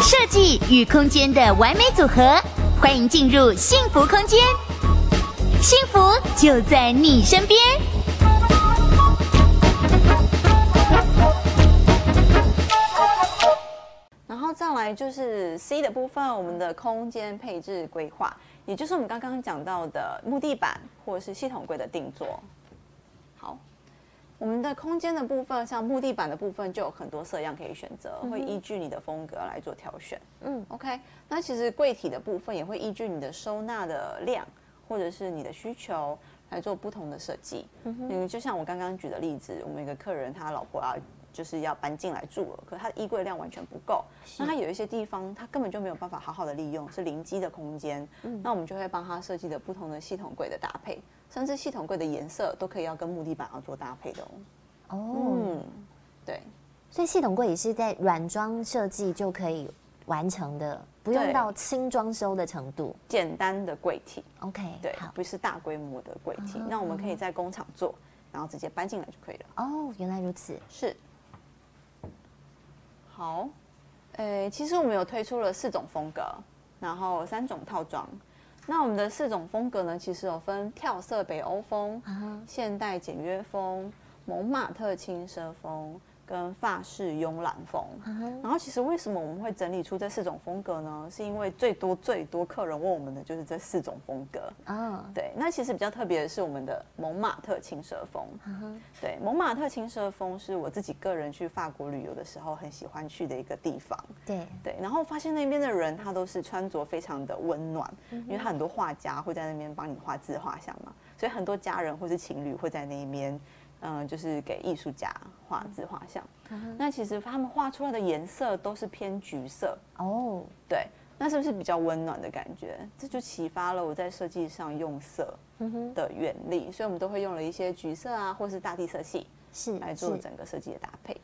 設計與空間的完美組合，歡迎進入幸福空間，幸福就在你身邊。然後再來就是 C 的部分，我們的空間配置規劃，也就是我們剛剛講到的木地板或者是系統櫃的定做。我們的空間的部分，像木地板的部分，就有很多色樣可以選擇，嗯，會依據你的風格來做挑選。嗯，OK。那其實櫃體的部分也會依據你的收納的量或者是你的需求來做不同的設計。嗯哼，就像我剛剛舉的例子，我們一個客人，他老婆啊就是要搬進來住了，可是他的衣櫃量完全不夠，那他有一些地方他根本就沒有辦法好好的利用，是臨機的空間，嗯。那我們就會幫他設計的不同的系統櫃的搭配。甚至系統櫃的顏色都可以要跟木地板要做搭配的哦。哦、oh, 嗯，對，所以系統櫃也是在軟裝設計就可以完成的，不用到輕裝修的程度，簡單的櫃體。OK，對，不是大規模的櫃體。Uh-huh. 那我們可以在工廠做，然後直接搬進來就可以了。哦、uh-huh.，oh, 原來如此。是。好，誒、欸，其實我們有推出了四種風格，然後三種套裝。那我們的四種風格呢？其實有分跳色、北歐風、uh -huh. 現代簡約風、蒙馬特輕奢風。跟法式慵懶風，然後其實為什麼我們會整理出這四種風格呢？是因為最多最多客人問我們的就是這四種風格啊、哦。對，那其實比較特別的是我們的蒙馬特輕奢風、嗯。對，蒙馬特輕奢風是我自己個人去法國旅遊的時候很喜歡去的一個地方。對對，然後發現那邊的人他都是穿着非常的溫暖、嗯，因為他很多畫家會在那邊幫你畫自畫像嘛，所以很多家人或是情侶會在那邊，嗯，就是給藝術家，畫自畫像，那其實他們畫出來的顏色都是偏橘色哦，oh. 對，那是不是比較溫暖的感覺？這就啟發了我在設計上用色的原理，所以我們都會用了一些橘色啊，或是大地色系，是來做整個設計的搭配。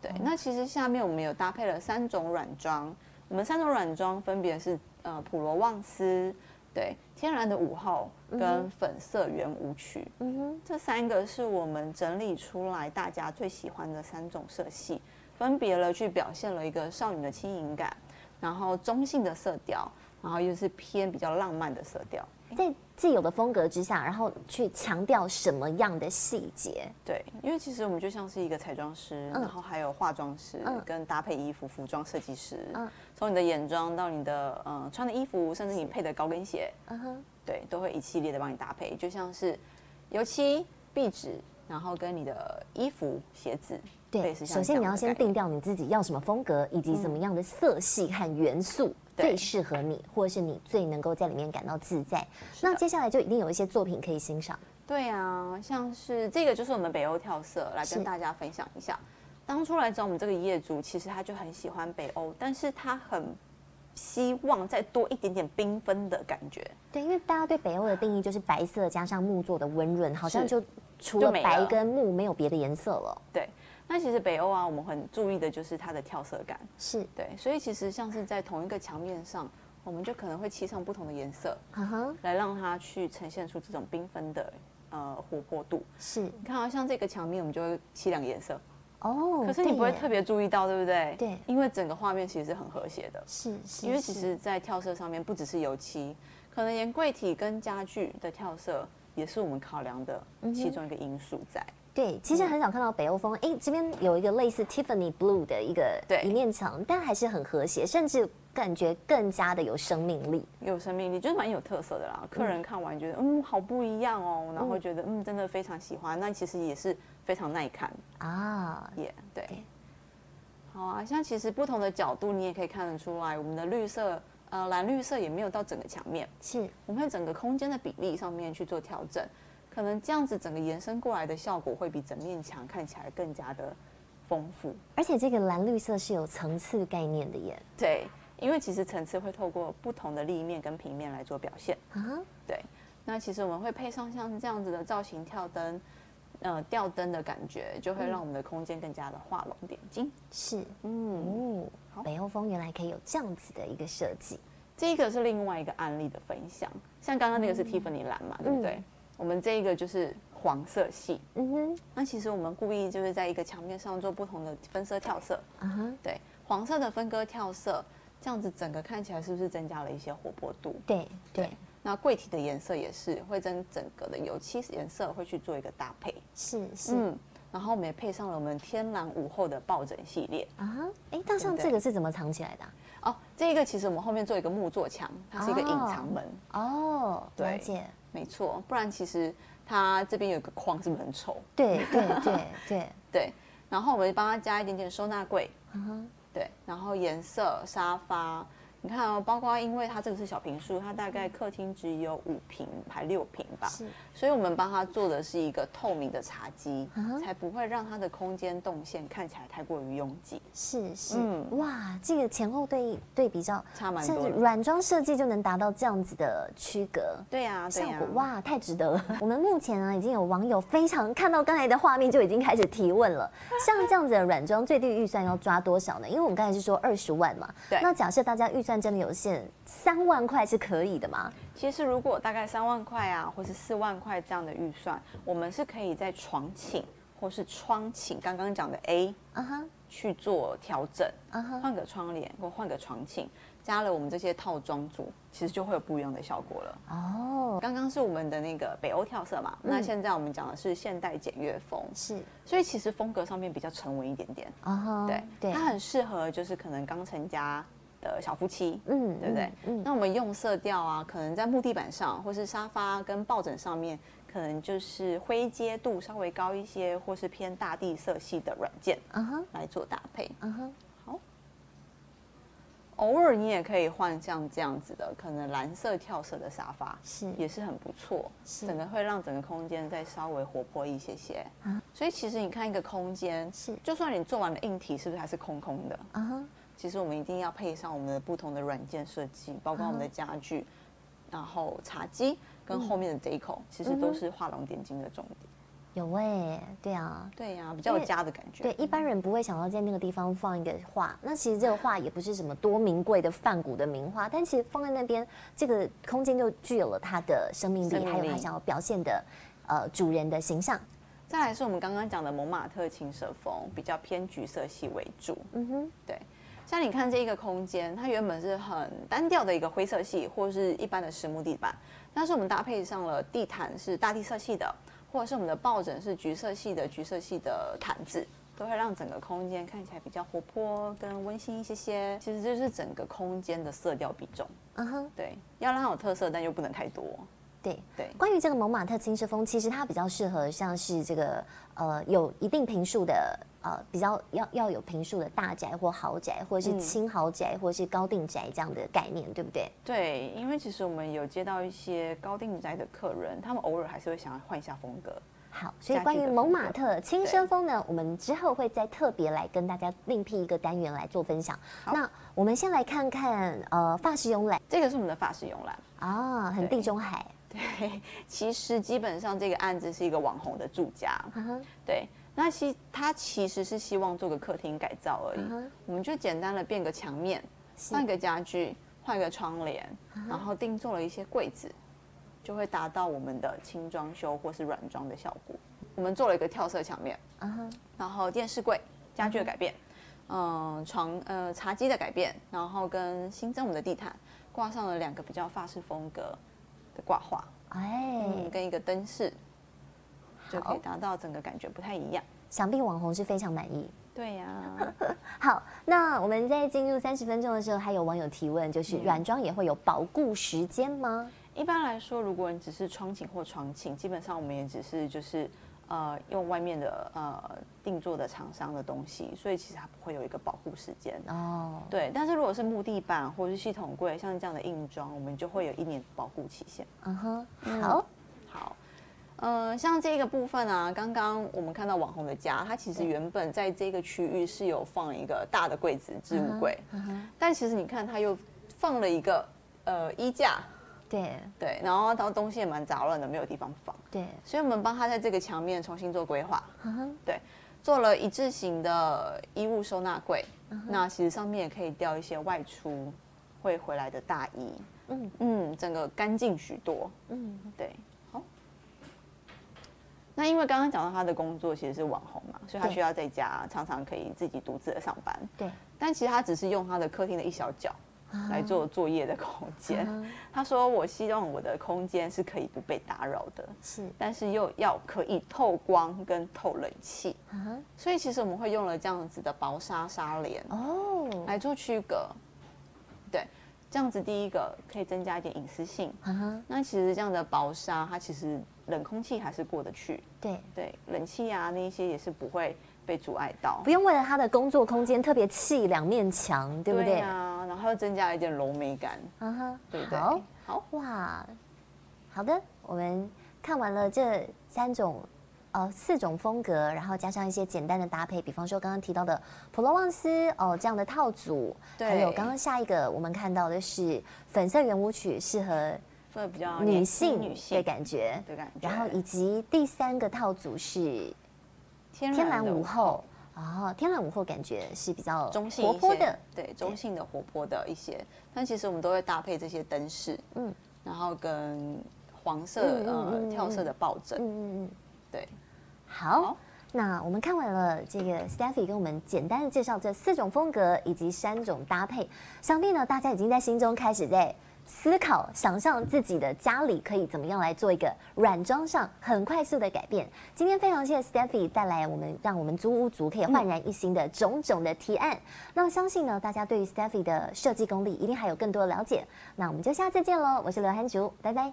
對，那其實下面我們有搭配了三種軟裝，我們三種軟裝分別是呃普羅旺斯。對，天然的午後跟粉色圓舞曲，嗯哼，這三個是我們整理出來大家最喜歡的三種色系，分別了去表現了一個少女的輕盈感，然後中性的色調，然後又是偏比較浪漫的色調。在自有的風格之下，然後去強調什麼樣的細節？對，因為其實我們就像是一個彩妝師、嗯，然後還有化妝師、嗯、跟搭配衣服、服裝設計師。嗯，從你的眼妝到你的嗯、呃、穿的衣服，甚至你配的高跟鞋，嗯哼，對，都會一系列的幫你搭配。就像是油漆、壁紙，然後跟你的衣服、鞋子。對，首先你要先定調你自己要什麼風格，以及什麼樣的色系和元素。嗯最適合你，或者是你最能夠在裡面感到自在。那接下來就一定有一些作品可以欣賞。對啊，像是這個就是我們北歐跳色來跟大家分享一下。當初來找我們這個業主，其實他就很喜歡北歐，但是他很希望再多一點點繽紛的感覺。對，因為大家對北歐的定義就是白色加上木作的溫潤，好像就除了白跟木沒有別的顏色了、了。對。那其實北歐啊，我們很注意的就是它的跳色感，是對，所以其實像是在同一個牆面上，我們就可能會漆上不同的顏色，uh -huh. 來讓它去呈現出這種繽紛的呃活潑度。是，你看，啊，像這個牆面，我們就會漆兩個顏色。哦、oh,，可是你不會特別注意到對，對不對？對，因為整個畫面其實是很和諧的。是，是，因為其實，在跳色上面，不只是油漆，可能連櫃體跟家具的跳色，也是我們考量的其中一個因素在。嗯對，其實很想看到北歐風。哎，這邊有一個類似 Tiffany Blue 的一個一面牆，但還是很和諧，甚至感覺更加的有生命力，有生命力，就是蠻有特色的啦。客人看完覺得，嗯，嗯好不一樣哦，然後覺得嗯，嗯，真的非常喜歡。那其實也是非常耐看啊，也、yeah, 對，對。好啊，像其實不同的角度，你也可以看得出來，我們的綠色，呃，藍綠色也沒有到整個牆面，是我們整個空間的比例上面去做調整。可能這樣子整個延伸過來的效果會比整面牆看起來更加的豐富，而且這個藍綠色是有層次概念的耶。對，因為其實層次會透過不同的立面跟平面來做表現。啊，對。那其實我們會配上像這樣子的造型跳燈，呃，吊燈的感覺就會讓我們的空間更加的畫龍點睛。嗯。是，嗯，嗯，哦，北歐風原來可以有這樣子的一個設計。這一個是另外一個案例的分享，像剛剛那個是蒂芙尼藍嘛，嗯，對不對？嗯我們這一個就是黃色系，嗯哼。那其實我們故意就是在一個牆面上做不同的分色跳色，嗯、啊、哼。對，黃色的分割跳色，這樣子整個看起來是不是增加了一些活潑度？對對，對。那櫃體的顏色也是會跟整，整個的油漆顏色會去做一個搭配，是是。嗯，然後我們也配上了我們天然午後的抱枕系列，啊哼。哎，大象這個對對是怎麼藏起來的？哦，這個其實我們後面做一個木作牆，它是一個隱藏門，哦，對哦，了解。沒錯，不然其實它這邊有一個框，是不是很醜？對對對對 對。然後我們幫它加一點點收納櫃。嗯哼，對。然後顏色，沙發。你看哦，包括因為它這個是小坪數，它大概客廳只有五坪還六坪吧，是，所以我們幫他做的是一個透明的茶幾，啊、才不會讓它的空間動線看起來太過於擁擠。是是、嗯，哇，這個前後對對比較差蠻多，甚至軟裝設計就能達到這樣子的區隔，的的隔對、啊。對啊，效果哇，太值得了。 我們目前啊已經有網友非常看到剛才的畫面就已經開始提問了，像這樣子的軟裝最低預算要抓多少呢？因為我們剛才是說二十萬嘛，對，那假設大家預。但真的有限，三萬塊是可以的嗎？其實如果大概三萬塊啊，或是四萬塊這樣的預算，我們是可以在床寢或是窗寢剛剛講的 A，、uh -huh. 去做調整，換、uh -huh. 個窗簾或換個床寢，加了我們這些套裝組，其實就會有不一樣的效果了。哦，剛剛是我們的那個北歐跳色嘛、嗯，那現在我們講的是現代簡約風，是，所以其實風格上面比較沉穩一點點。哦、uh -huh.，對，對，它很適合就是可能剛成家，的小夫妻，嗯，嗯，對不對，嗯？嗯，那我們用色調啊，可能在木地板上，或是沙發跟抱枕上面，可能就是灰階度稍微高一些，或是偏大地色系的軟件，嗯哼，來做搭配，嗯哼、嗯，好。偶爾你也可以換像這樣子的，可能藍色跳色的沙發，是，也是很不錯，是，整個會讓整個空間再稍微活潑一些些，嗯、所以其實你看一個空間，是，就算你做完了硬體，是不是還是空空的？啊、嗯、哼。嗯其實我們一定要配上我們的不同的軟件設計，包括我們的家具，啊、然後茶几跟後面的 decal，、嗯、其實都是畫龍點睛的重點。嗯、有誒、欸，對啊，對呀、啊，比較有家的感覺，對。對，一般人不會想到在那個地方放一個畫，那其實這個畫也不是什麼多名貴的梵谷的名畫，但其實放在那邊，這個空間就具有了它的生命力，命力還有他想要表現的呃主人的形象。再來是我們剛剛講的蒙馬特青色風，比較偏橘色系為主。嗯哼，對。像你看這一個空間，它原本是很單調的一個灰色系，或是一般的實木地板。但是我們搭配上了地毯，是大地色系的，或者是我們的抱枕是橘色系的，橘色系的毯子，都會讓整個空間看起來比較活潑跟溫馨一些些。其實就是整個空間的色調比重。嗯哼，對，要讓它有特色，但又不能太多。對對，對。關於這個蒙馬特輕奢風，其實它比較適合像是這個呃有一定坪數的。呃，比較要要有坪數的大宅或豪宅，或者是輕豪宅，或者是高定宅這樣的概念，嗯，對不對？對，因為其實我們有接到一些高定宅的客人，他們偶爾還是會想要換一下風格。好，所以關於蒙馬特輕奢風，風呢，我們之後會再特別來跟大家另闢一個單元來做分享。好，那我們先來看看呃，法式慵懶，這個是我們的法式慵懶啊，很地中海，對。對，其實基本上這個案子是一個網紅的住家，嗯哼，對。那其他其實是希望做個客廳改造而已，Uh-huh. 我們就簡單的變個牆面，換個家具，換個窗簾，然後定做了一些櫃子，就會達到我們的輕裝修或是軟裝的效果。我們做了一個跳色牆面，然後電視櫃、家具的改變，嗯，床、呃茶几的改變，然後跟新增我們的地毯，掛上了兩個比較法式風格的掛畫，哎，跟一個燈飾。就可以達到整個感覺不太一樣，想必網紅是非常滿意。對呀、啊， 好，那我們在進入三十分鐘的時候，還有網友提問，就是軟裝也會有保固時間嗎、嗯？一般來說，如果你只是窗寢或床寢，基本上我們也只是就是呃用外面的呃定做的廠商的東西，所以其實它不會有一個保護時間哦。對，但是如果是木地板或者是系統櫃像這樣的硬裝，我們就會有一年保固期限。嗯哼，嗯嗯好。呃、嗯，像這個部分啊，剛剛我們看到網紅的家，他其實原本在這個區域是有放一個大的櫃子，置物櫃。Uh -huh, uh -huh. 但其實你看，他又放了一個呃衣架。對、uh -huh. 對，然後他東西也蠻雜亂的，沒有地方放。對、uh -huh.，所以我們幫他在這個牆面重新做規劃。Uh -huh. 對，做了一字型的衣物收納櫃。Uh -huh. 那其實上面也可以吊一些外出會回來的大衣。嗯、uh -huh. 嗯，整個乾淨許多。嗯、uh -huh.，對。那因為剛剛講到他的工作其實是網紅嘛，所以他需要在家常常可以自己獨自的上班。對。但其實他只是用他的客廳的一小角來做作業的空間。Uh -huh. 他說，我希望我的空間是可以不被打擾的。是。但是又要可以透光跟透冷氣。Uh -huh. 所以其實我們會用了這樣子的薄紗紗簾。哦。來做區隔。Uh -huh. 對。這樣子第一個可以增加一點隱私性。Uh -huh. 那其實這樣的薄紗它其實。冷空氣還是過得去，對對，冷氣啊，那些也是不會被阻礙到，不用為了他的工作空間特別砌兩面牆，對不對？對啊，然後又增加了一點柔美感，哈、uh、哈 -huh，對不對？好，哇，好的，我們看完了這三種哦，四種風格，然後加上一些簡單的搭配，比方說剛剛提到的普羅旺斯哦這樣的套組，對還有剛剛下一個我們看到的是粉色圓舞曲，適合。比較女性女性的感覺，對，感覺。然後以及第三個套組是天藍午後哦，天藍午後感覺是比較中性活潑的，對，中性的活潑的一些。但其實我們都會搭配這些燈飾，嗯，然後跟黃色呃跳色的抱枕，嗯嗯，對。好，好，那我們看完了這個，Steffy 跟我們簡單的介紹這四種風格以及三種搭配，想必呢大家已經在心中開始在。思考、想象自己的家裡可以怎麼樣來做一個軟裝上很快速的改變。今天非常謝謝 Stephy 帶來我們，讓我們租屋族可以煥然一新的種種的提案。嗯、那相信呢，大家對於 Stephy 的設計功力一定還有更多的了解。那我們就下次見咯，我是劉涵竹，拜拜。